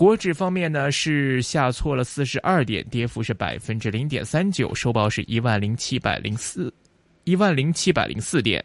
國指方面呢，是下挫了四十二點，跌幅是百分之零點三九，收報是一萬零七百零四，一萬零七百零四點。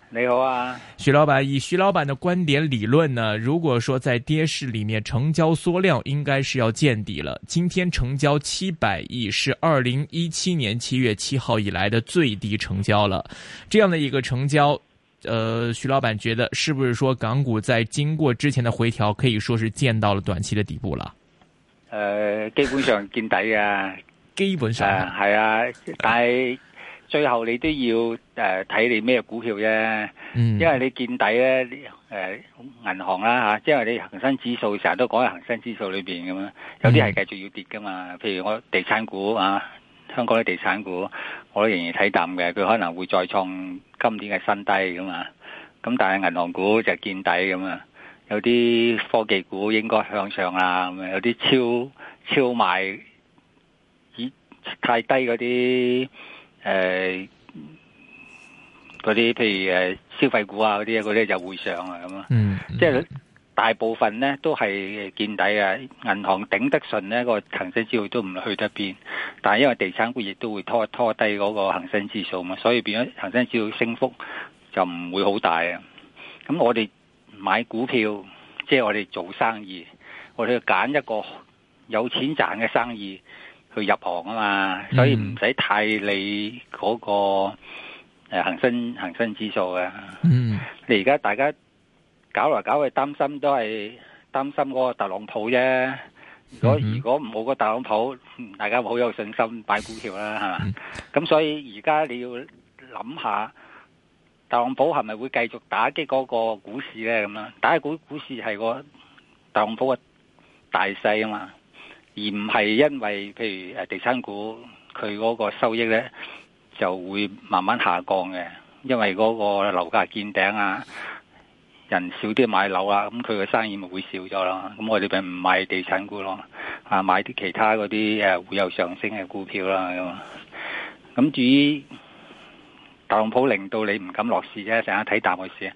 你好啊，徐老闆，以徐老闆的觀點理論呢，如果說在跌市裏面成交縮量，應該是要見底了。今天成交七百億，是二零一七年七月七號以來的最低成交了。這樣的一個成交，呃，徐老闆覺得，是不是說港股在經過之前的回調，可以說是見到了短期的底部了？呃，基本上見底啊，基本上係啊，但最後你都要誒睇、呃、你咩股票啫，嗯、因為你見底咧、呃、銀行啦嚇、啊，因為你恒生指數成日都講喺恒生指數裏面咁嘛，有啲係繼續要跌噶嘛。譬如我地產股啊，香港啲地產股我都仍然睇淡嘅，佢可能會再創今年嘅新低咁嘛。咁但係銀行股就見底咁啊，有啲科技股應該向上啦，咁啊，有啲超超賣太低嗰啲。誒，嗰啲、呃、譬如誒消費股啊，嗰啲嗰啲就會上啊，咁咯。嗯，即係大部分咧都係見底啊，銀行頂得順咧、個恒生指數都唔去得邊。但係因為地產股亦都會拖拖低嗰個恒生指數嘛，所以變咗恒生指數升幅就唔會好大啊。咁我哋買股票，即係我哋做生意，我哋去揀一個有錢賺嘅生意。去入行啊嘛，所以唔使太理嗰個誒恒生恒生指數啊。恆之嗯，你而家大家搞嚟搞去擔心都係擔心嗰個特朗普啫。如果如果冇個特朗普，大家好有信心擺股票啦，係嘛？咁、嗯、所以而家你要諗下，特朗普係咪會繼續打擊嗰個股市咧？咁啦，打擊股股市係個特朗普嘅大勢啊嘛。而唔係因為譬如誒地產股佢嗰個收益呢就會慢慢下降嘅，因為嗰個樓價見頂啊，人少啲買樓啊，咁佢嘅生意咪會少咗咯。咁我哋咪唔買地產股咯，啊買啲其他嗰啲誒會有上升嘅股票啦。咁至於特朗普令到你唔敢落市啫，成日睇淡嗰時。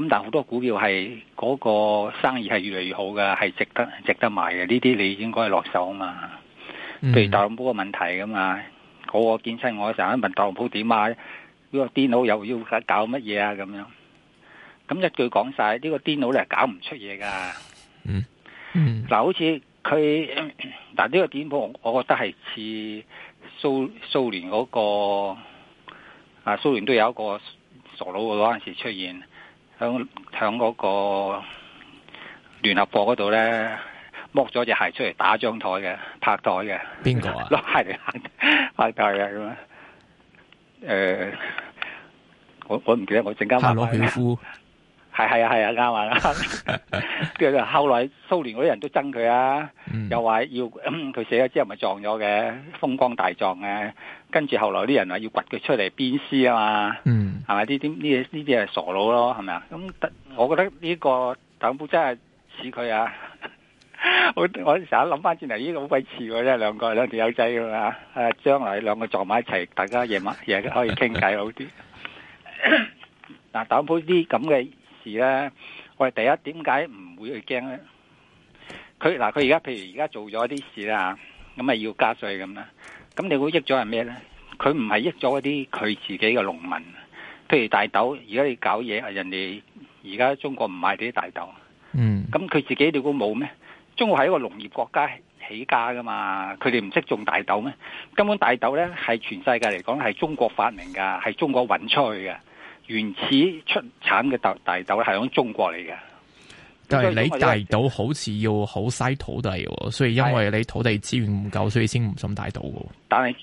咁但好多股票係嗰、那個生意係越嚟越好㗎，係值得值得買嘅。呢啲你應該係落手啊嘛。譬、嗯、如特朗普個問題咁嘛。我見親我成日問特朗普點啊，呢、這個電腦又要搞乜嘢呀？咁樣。咁一句講晒，呢、這個電腦咧搞唔出嘢㗎。嗱、嗯嗯啊，好似佢，但呢、啊這個電腦我覺得係似蘇蘇聯嗰、那個、啊、蘇聯都有一個傻佬嗰陣時出現。響響嗰個聯合國嗰度咧，剝咗隻鞋出嚟打張台嘅，拍台嘅。邊個啊？攞鞋嚟拍台、呃、啊！咁啊，誒，我我唔記得，我陣間查攞皮膚。係係啊係啊，啱啊！跟住 後來蘇聯嗰啲人都憎佢啊，嗯、又話要佢、嗯、死咗之後咪撞咗嘅，風光大葬嘅、啊。跟住後來啲人話要掘佢出嚟鞭屍啊嘛。嗯係咪呢啲呢嘢呢啲係傻佬咯？係咪啊？咁得我覺得呢個特朗普真係似佢啊！我我成日諗翻轉頭，呢個好鬼似嘅啫，兩個兩條友仔啊！啊，將來兩個撞埋一齊，大家夜晚夜可以傾偈好啲嗱。特朗普呢啲咁嘅事咧，我哋第一點解唔會去驚咧？佢嗱，佢而家譬如而家做咗啲事啦，咁咪要加稅咁啦。咁你會益咗係咩咧？佢唔係益咗一啲佢自己嘅農民。譬如大豆，而家你搞嘢，人哋而家現在中國唔買你啲大豆。嗯，咁佢自己哋估冇咩？中國係一個農業國家起家噶嘛，佢哋唔識種大豆咩？根本大豆咧，係全世界嚟講係中國發明噶，係中國運出去嘅，原始出產嘅大豆係響中國嚟嘅。但係你大豆好似要好嘥土地，所以因為你土地資源唔夠，的所以先唔種大豆。但係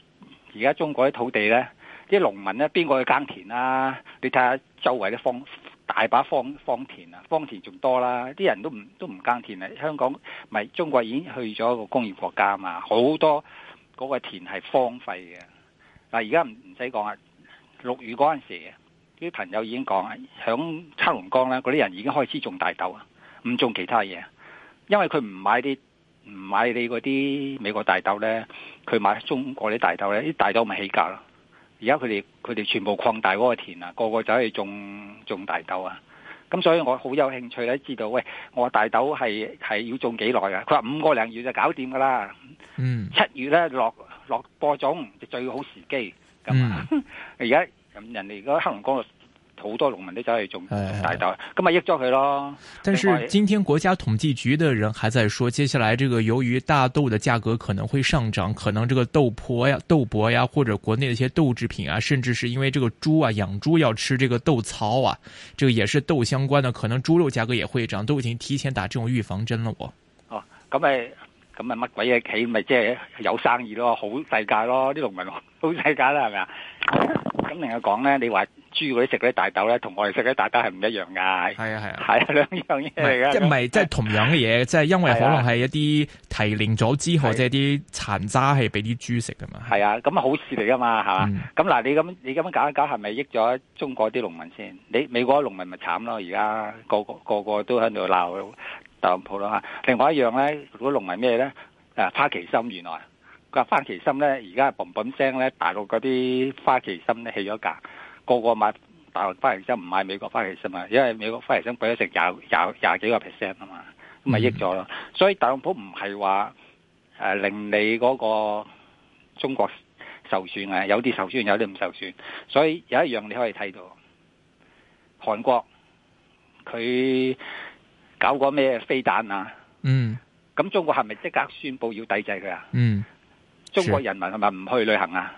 而家中國啲土地咧？啲農民咧，邊個去耕田啊？你睇下周圍嘅荒大把荒荒田啊，荒田仲多啦。啲人都唔都唔耕田啊。香港咪中國已經去咗個工業國家嘛，好多嗰個田係荒廢嘅。嗱，而家唔唔使講啊，六月嗰陣時啊，啲朋友已經講啊，響黑龍江咧，嗰啲人已經開始種大豆啊，唔種其他嘢，因為佢唔買啲唔買你嗰啲美國大豆咧，佢買中國啲大豆咧，啲大豆咪起價咯。而家佢哋佢哋全部擴大嗰個田啊，個個走去種種大豆啊，咁所以我好有興趣咧，知道喂，我大豆係係要種幾耐啊？佢話五個零月就搞掂噶啦，嗯，七月咧落落播種就最好時機，咁啊，而家，嗯，咁人哋而家黑龍江。好多農民都走去種大豆，咁咪、哎哎哎、益咗佢咯。外但是今天國家統計局的人還在說，接下來這個由於大豆的價格可能會上漲，可能這個豆粕呀、豆粕呀，或者國內的一些豆製品啊，甚至是因為這個豬啊，養豬要吃這個豆草啊，這個也是豆相關的，可能豬肉價格也會漲，都已經提前打這種預防針了我。我哦、啊，咁咪咁咪乜鬼嘢企咪即係有生意咯，好世界咯，啲農民好世界啦，係咪啊？ 咁另外講咧，你話豬嗰啲食嗰啲大豆咧，同我哋食嗰啲大豆係唔一樣㗎？係啊係啊，係兩樣嘢嚟㗎。即唔係即係同樣嘅嘢，即係因為可能係一啲提煉咗之後，即係啲殘渣係俾啲豬食㗎嘛。係啊，咁啊好事嚟㗎嘛，嚇！咁嗱，你咁你咁樣搞一搞，係咪益咗中國啲農民先？你美國啲農民咪慘咯？而家個個個個都喺度鬧特朗普啦嚇。另外一樣咧，如果農民咩咧，誒花旗心原來。個花旗參咧，而家嘭嘭聲咧，大陸嗰啲花旗參咧起咗價，個個買大陸花旗參，唔買美國花旗參啊，因為美國花旗參貴咗成廿廿廿幾個 percent 啊嘛，咁咪益咗咯。嗯、所以特朗普唔係話誒令你嗰個中國受損啊，有啲受損，有啲唔受損。所以有一樣你可以睇到，韓國佢搞過咩飛彈啊？嗯。咁中國係咪即刻宣布要抵制佢啊？嗯。中國人民係咪唔去旅行啊？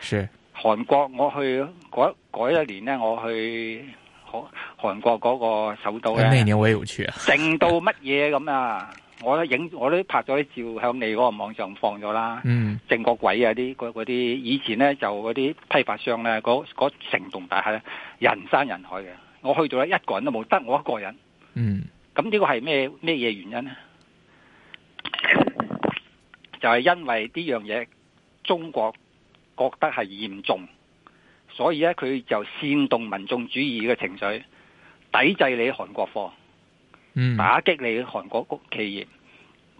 是。韓國我去嗰，嗰一年咧，我去韓，韓國嗰個首都咧。那年我也去啊。靜到乜嘢咁啊！我都影，我都拍咗啲照，向你嗰個網上放咗啦。嗯。靜過鬼啊！啲嗰啲以前咧就嗰啲批發商咧，嗰成棟大廈咧人山人海嘅。我去到咧一個人都冇，得我一個人。嗯。咁呢個係咩咩嘢原因咧？就係因為呢樣嘢，中國覺得係嚴重，所以咧佢就煽動民眾主義嘅情緒，抵制你韓國貨，嗯，打擊你韓國企業，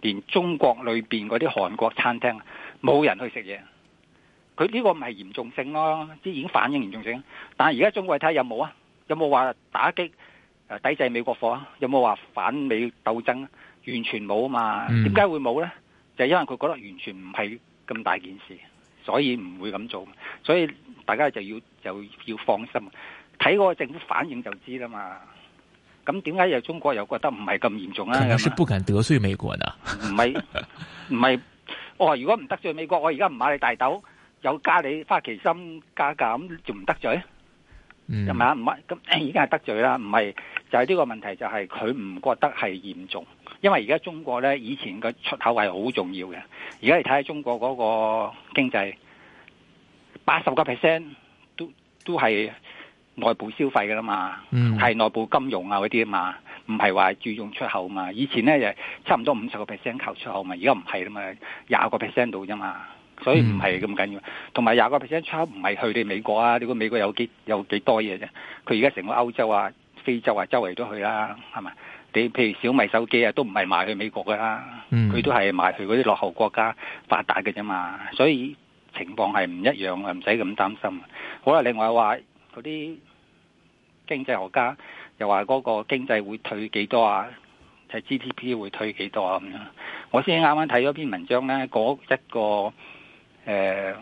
連中國裏邊嗰啲韓國餐廳冇人去食嘢。佢呢個咪嚴重性咯？即係已經反映嚴重性。但係而家中國睇下有冇啊？有冇話打擊誒抵制美國貨啊？有冇話反美鬥爭啊？完全冇啊嘛。點解會冇呢？就因為佢覺得完全唔係咁大件事，所以唔會咁做，所以大家就要就要放心，睇個政府反應就知啦嘛。咁點解又中國又覺得唔係咁嚴重啊？可能是不敢得罪美國呢？唔係唔係，我如果唔得罪美國，我而家唔買你大豆，有加你花旗參加價，咁仲唔得罪。嗯。係咪啊？唔係咁已經係得罪啦。唔係就係呢個問題，就係佢唔覺得係嚴重。因為而家中國咧，以前個出口係好重要嘅。而家你睇下中國嗰個經濟，八十個 percent 都都係內部消費噶啦嘛，係、嗯、內部金融啊嗰啲啊嘛，唔係話注重出口嘛。以前咧就差唔多五十個 percent 靠出口嘛，而家唔係啦嘛，廿個 percent 度啫嘛，所以唔係咁緊要。同埋廿個 percent 出口唔係去你美國啊？你估美國有幾有幾多嘢啫？佢而家成個歐洲啊、非洲啊周圍都去啦、啊，係咪？你譬如小米手機啊，都唔係賣去美國噶啦，佢都係賣去嗰啲落後國家發達嘅啫嘛，所以情況係唔一樣啊，唔使咁擔心。好啦，另外話嗰啲經濟學家又話嗰個經濟會退幾多啊？即係 GDP 會退幾多啊？咁樣，我先啱啱睇咗篇文章呢，嗰一個誒、呃、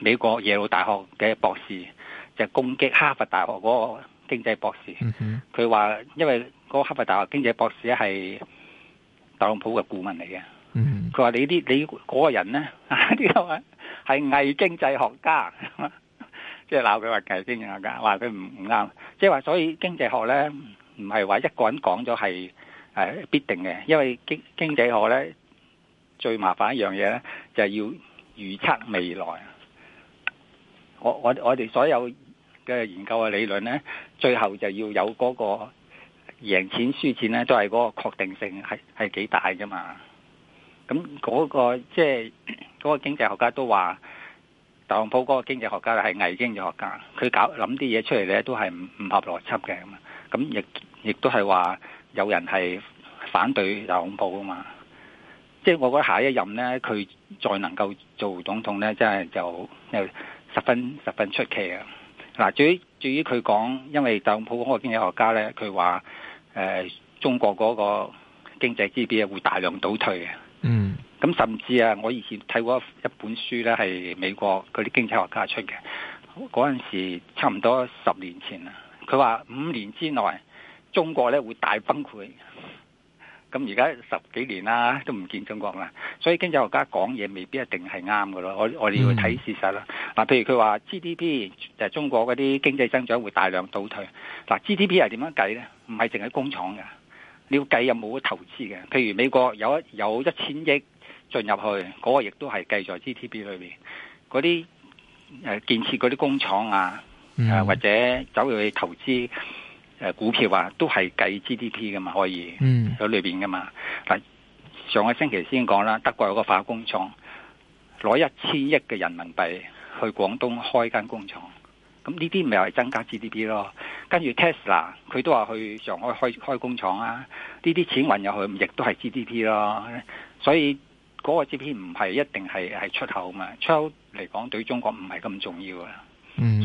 美國耶魯大學嘅博士就攻擊哈佛大學嗰個經濟博士，佢話、mm hmm. 因為。嗰哈佛大學經濟博士係特朗普嘅顧問嚟嘅，佢話你啲你嗰個人咧，呢個係偽經濟學家，即係鬧佢話偽經濟學家，話佢唔唔啱，即係話所以經濟學咧唔係話一個人講咗係係必定嘅，因為經經濟學咧最麻煩一樣嘢咧就係要預測未來，我我我哋所有嘅研究嘅理論咧，最後就要有嗰個。贏錢輸錢咧，都係嗰個確定性係係幾大噶嘛？咁嗰個即係嗰個經濟學家都話，特朗普嗰個經濟學家係偽經濟學家，佢搞諗啲嘢，出嚟咧都係唔唔合邏輯嘅。咁亦亦都係話有人係反對特朗普噶嘛？即係我覺得下一任呢，佢再能夠做總統呢，真係就就十分十分出奇啊！嗱，至於至於佢講，因為特朗普嗰個經濟學家呢，佢話。他說誒、呃，中國嗰個經濟基底會大量倒退嘅。嗯，咁甚至啊，我以前睇過一本書咧，係美國嗰啲經濟學家出嘅，嗰陣時差唔多十年前啦，佢話五年之內，中國咧會大崩潰。咁而家十幾年啦，都唔見中國啦，所以經濟學家講嘢未必一定係啱嘅咯。我我哋要睇事實啦。嗱，譬如佢話 GDP 中國嗰啲經濟增長會大量倒退。嗱，GDP 係點樣計咧？唔係淨係工廠嘅，你要計有冇投資嘅。譬如美國有一有一千億進入去，嗰個亦都係計在 GDP 裏面嗰啲、啊、建設嗰啲工廠啊，啊，或者走去投資。誒股票啊，都係計 GDP 嘅嘛，可以，嗯，喺裏邊嘅嘛。嗱，上個星期先講啦，德國有個化工廠，攞一千億嘅人民幣去廣東開間工廠，咁呢啲咪又係增加 GDP 咯。跟住 Tesla 佢都話去上海開開工廠啊，呢啲錢運入去亦都係 GDP 咯。所以嗰個 GDP 唔係一定係係出口嘛，出口嚟講對中國唔係咁重要啊。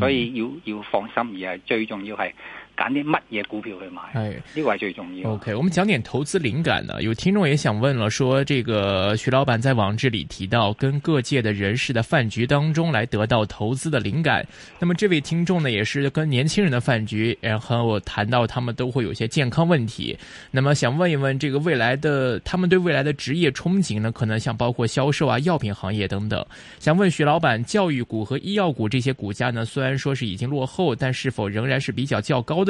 所以要要放心，而係最重要係。揀啲乜嘢股票去買？係呢個係最重要。O、okay, K，我們講點投資靈感呢？有聽眾也想問了，說這個徐老闆在網誌裏提到，跟各界的人士的飯局當中來得到投資的靈感。那麼這位聽眾呢，也是跟年輕人的飯局，然後我談到他們都會有些健康問題。那麼想問一問，這個未來的他們對未來的職業憧憬呢？可能像包括銷售啊、藥品行業等等。想問徐老闆，教育股和醫藥股這些股價呢？雖然說是已經落後，但是否仍然是比較較高的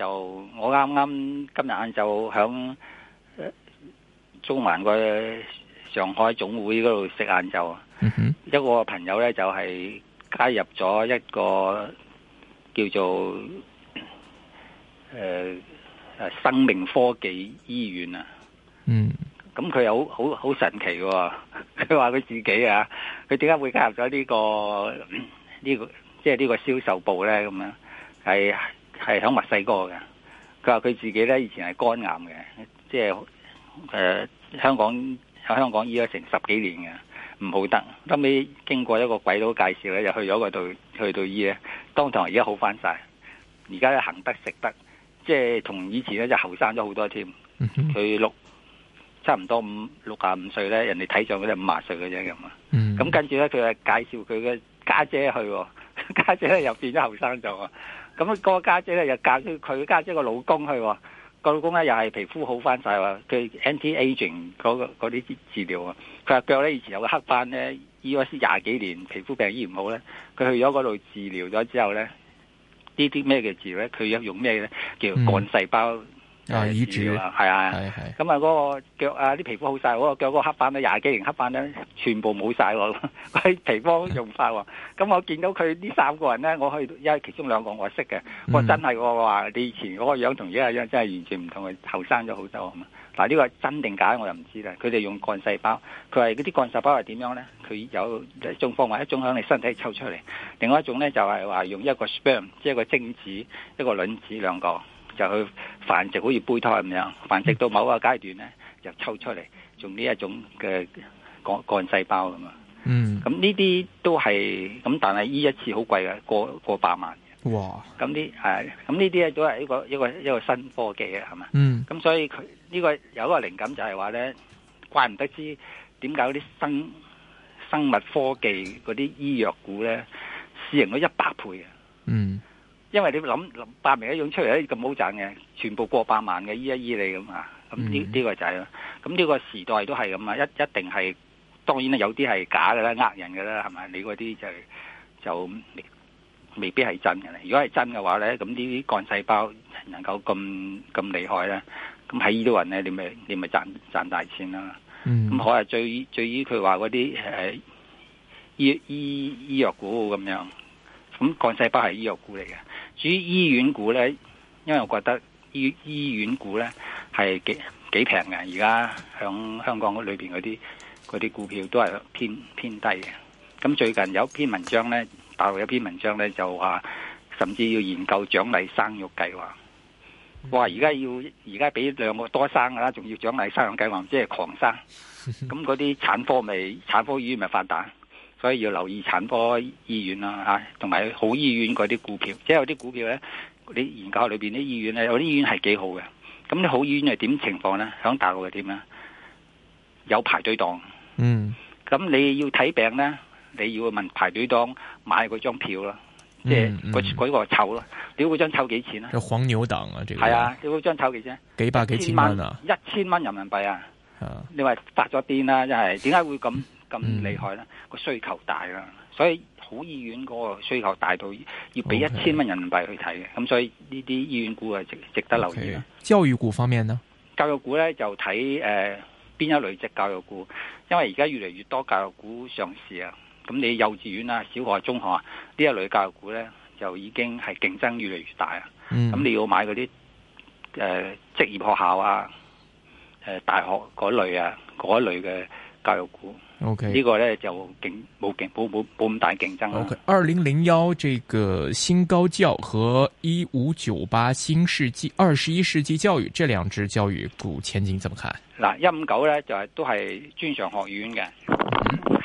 就我啱啱今日晏晝響中環個上海總會嗰度食晏晝啊，一個朋友咧就係加入咗一個叫做誒誒生命科技醫院啊，嗯，咁佢又好好好神奇嘅，佢話佢自己啊，佢點解會加入咗呢個呢個即係呢個銷售部咧咁樣係。係喺墨西哥嘅，佢話佢自己咧以前係肝癌嘅，即係誒、呃、香港喺香港醫咗成十幾年嘅，唔好得，後尾經過一個鬼佬介紹咧，又去咗嗰度去到醫咧，當堂而家好翻晒，而家咧行得食得，即係同以前咧就後生咗好多添。佢、嗯、哼六差唔多五六十五歲咧，人哋睇上佢、嗯、哼就五廿歲嘅啫咁啊。咁跟住咧，佢係介紹佢嘅家姐去。家姐咧又變咗後生咗，咁、嗰個家姐咧又嫁咗佢家姐個老公去喎，個老公咧又係皮膚好翻曬喎，佢 Anti-aging 嗰啲治療啊，佢話腳咧以前有個黑斑咧，醫咗先廿幾年皮膚病醫唔好咧，佢去咗嗰度治療咗之後咧，呢啲咩嘅治療咧，佢用用咩咧，叫做幹細胞。啊！醫住係啊！係係。咁啊，嗰個腳啊，啲、那個、皮膚好晒。嗰個腳嗰個黑斑，咧，廿幾型黑斑咧，全部冇晒。咯。 皮膚用法喎。咁我見到佢呢三個人咧，我去，因為其中兩個我識嘅、嗯，我真係我話你以前嗰個樣同而家個樣真係完全唔同，後生咗好多咁嗱呢個真定假，我又唔知啦。佢哋用幹細胞，佢係嗰啲幹細胞係點樣咧？佢有中種方法，一種喺你身體抽出嚟，另外一種咧就係、是、話用一個 sperm，即係一個精子一個卵子兩個。就去繁殖，好似胚胎咁樣繁殖到某個階段咧，就抽出嚟，用呢一種嘅幹幹細胞咁啊。嗯。咁呢啲都係咁，但係醫一次好貴嘅，過過百萬嘅。哇！咁呢，係咁呢啲咧都係一個一個一個新科技嘅，係嘛？嗯。咁所以佢呢、這個有一個靈感就係話咧，怪唔得知點解啲生生物科技嗰啲醫藥股咧，市盈率一百倍。嗯。因為你諗百名一種出嚟咁好賺嘅，全部過百萬嘅醫一醫你咁啊，咁呢呢個就係、是、咯。咁呢個時代都係咁啊，一一定係當然啦，有啲係假嘅啦，呃人嘅啦，係咪？你嗰啲就就未，未必係真嘅。如果係真嘅話咧，咁啲幹細胞能夠咁咁厲害咧，咁喺呢啲人咧，你咪你咪賺賺大錢啦。咁、嗯、可能最最於佢話嗰啲誒醫醫醫藥股咁樣，咁幹細胞係醫藥股嚟嘅。至於醫院股咧，因為我覺得醫醫院股咧係幾幾平嘅，而家響香港嗰裏邊嗰啲啲股票都係偏偏低嘅。咁最近有一篇文章咧，大陸有一篇文章咧就話，甚至要研究獎勵生育計劃。哇！而家要而家俾兩個多生噶啦，仲要獎勵生育計劃，即係狂生。咁嗰啲產科咪產科醫院咪發達？所以要留意產科醫院啦嚇，同、啊、埋好醫院嗰啲股票，即係有啲股票咧，你研究裏面啲醫院咧，有啲醫院係幾好嘅。咁你好醫院係點情況咧？響大陸係點呢？有排隊檔。嗯。咁你要睇病咧，你要問排隊檔買嗰張票啦，嗯、即係嗰個籌咯。屌、嗯，嗰張籌幾錢啊？有黃牛檔啊！這個。係啊，屌嗰張籌幾錢啊？有黃牛檔啊！這個。係啊，屌嗰張籌幾錢？幾百幾千蚊啊？千萬？一千蚊人民幣啊！啊你話發咗癲啦！真係點解會咁？嗯。咁厲害啦！個需求大啦，所以好醫院嗰個需求大到要俾一千蚊人民幣去睇嘅，咁 Okay. 所以呢啲醫院股係值值得留意。Okay. 教育股方面呢？教育股呢就睇誒邊一類即教育股，因為而家越嚟越多教育股上市啊！咁你幼稚園啊、小學、中學呢一類教育股呢，就已經係競爭越嚟越大啊！咁、嗯、你要買嗰啲誒職業學校啊、誒、呃、大學嗰類啊、嗰類嘅教育股。OK，呢個咧就競冇競冇冇冇咁大競爭 OK，二零零一，呢個新高教和一五九八新世紀二十一世紀教育這兩隻教育股前景怎麼看？嗱，一五九咧就係、是、都係專上學院嘅，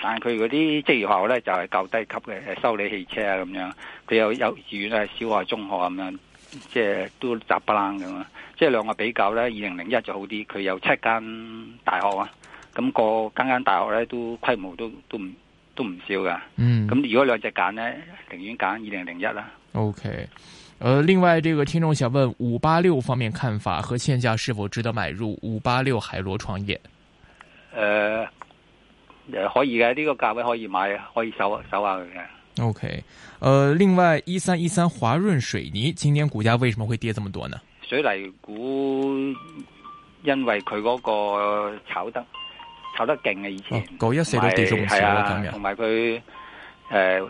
但係佢嗰啲職業學校咧就係、是、較低級嘅，修理汽車啊咁樣，佢有幼稚園啊、小學、中學咁樣，即係都雜不楞咁樣。即、就、係、是就是、兩個比較咧，二零零一就好啲，佢有七間大學啊。咁個間間大學咧都規模都都唔都唔少㗎。咁如果兩隻揀咧，寧願揀二零零一啦。O K，呃，另外這個聽眾想問五八六方面看法和現價是否值得買入五八六海螺創業？誒，誒，可以嘅，呢個價位可以買，可以搜搜下佢嘅。O K，嗯，呃，另外一三一三華潤水泥今年股價為什麼會跌這麼多呢？水泥股因為佢嗰個炒得。炒得勁啊，以前，同埋咁啊，同埋佢誒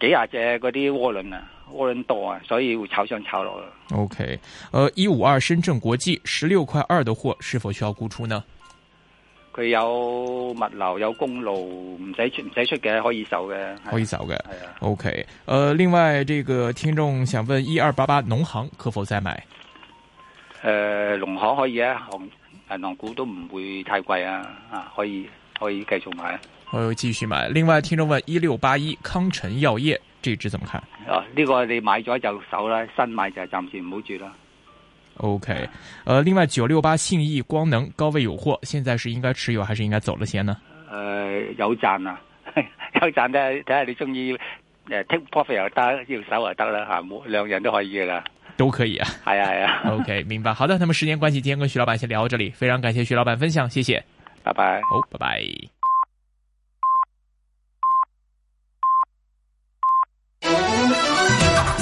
幾廿隻嗰啲渦輪啊，渦輪、呃啊、多啊，所以會炒上炒落。OK，誒、呃，一五二深圳國際十六塊二嘅貨是否需要沽出呢？佢有物流有公路，唔使出唔使出嘅，可以走嘅，可以走嘅。係啊，啊，OK，誒、呃，另外這個聽眾想問一二八八農行可否再買？誒、呃，農行可以啊，誒，銀行股，啊、都唔會太貴啊，啊，可以可以繼續買。可以繼續買，啊繼續買。另外，聽眾問一六八一康臣藥業這支怎麼看？哦，呢、這個你買咗就手啦，新買就暫時唔好住啦。OK，誒、呃，另外九六八信義光能高位有貨，現在是應該持有還是應該走了先呢？誒、呃，有賺啊，有賺咧、啊，睇下你中意誒 take profit 又得，要手又得啦，吓、啊，兩樣都可以噶啦。都可以啊，哎呀哎呀 ，OK，明白。好的，那麼時間關係，今天跟徐老闆先聊到這裡，非常感謝徐老闆分享，謝謝，拜拜，哦，oh，拜拜。